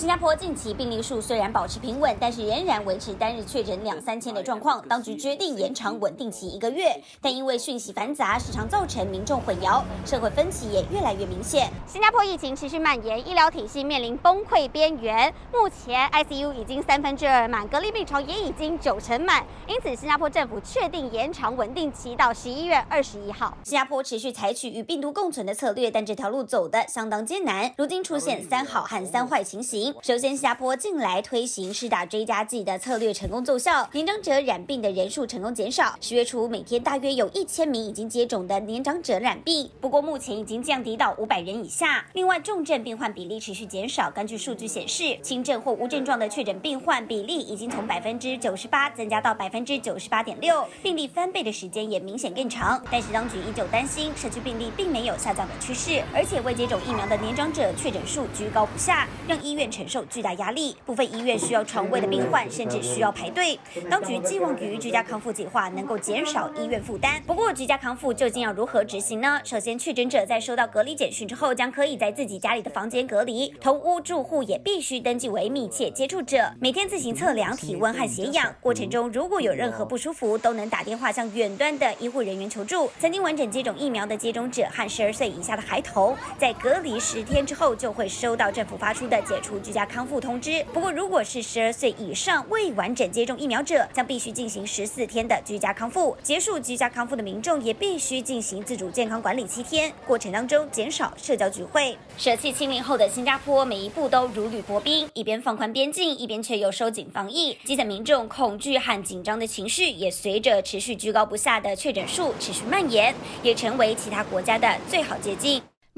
新加坡近期病例數雖然保持平穩，但是仍然維持單日確診兩三千的狀況。當局決定延長穩定期一個月，但因為訊息繁雜，時常造成民眾混淆，社會分歧也越來越明顯。新加坡疫情持續蔓延，醫療體系面臨崩潰邊緣。目前 ICU 已經三分之二滿，隔離病床也已經九成滿，因此新加坡政府確定延長穩定期到十一月二十一號。新加坡持續採取與病毒共存的策略，但這條路走得相當艱難。如今出現三好和三壞情形。首先，新加坡近來推行施打追加劑的策略成功奏效，年長者染病的人數成功減少。十月初，每天大約有一千名已經接種的年長者染病，不過目前已經降低到五百人以下。另外，重症病患比例持續減少。根據數據顯示，輕症或無症狀的確診病患比例已經從百分之九十八增加到百分之九十八點六，病例翻倍的時間也明顯更長。但是，當局依舊擔心社區病例並沒有下降的趨勢，而且未接種疫苗的年長者確診數居高不下，讓醫院。承受巨大壓力，部分醫院需要床位的病患甚至需要排隊。當局寄望於居家康復計劃能夠減少醫院負擔。不過，居家康復究竟要如何執行呢？首先，確診者在收到隔離簡訊之後，將可以在自己家裡的房間隔離。同屋住戶也必須登記為密切接觸者，每天自行測量體溫和血氧。過程中如果有任何不舒服，都能打電話向遠端的醫護人員求助。曾經完整接種疫苗的接種者和十二歲以下的孩童，在隔離十天之後，就會收到政府發出的解除。居家康復通知。不過，如果是十二歲以上未完整接種疫苗者，將必須進行十四天的居家康復。結束居家康復的民眾也必須進行自主健康管理七天，過程當中減少社交聚會。捨棄清零後的新加坡，每一步都如履薄冰，一邊放寬邊境，一邊卻又收緊防疫。基層民眾恐懼和緊張的情緒，也隨着持續居高不下的確診數持續蔓延，也成為其他國家的最好借鑑。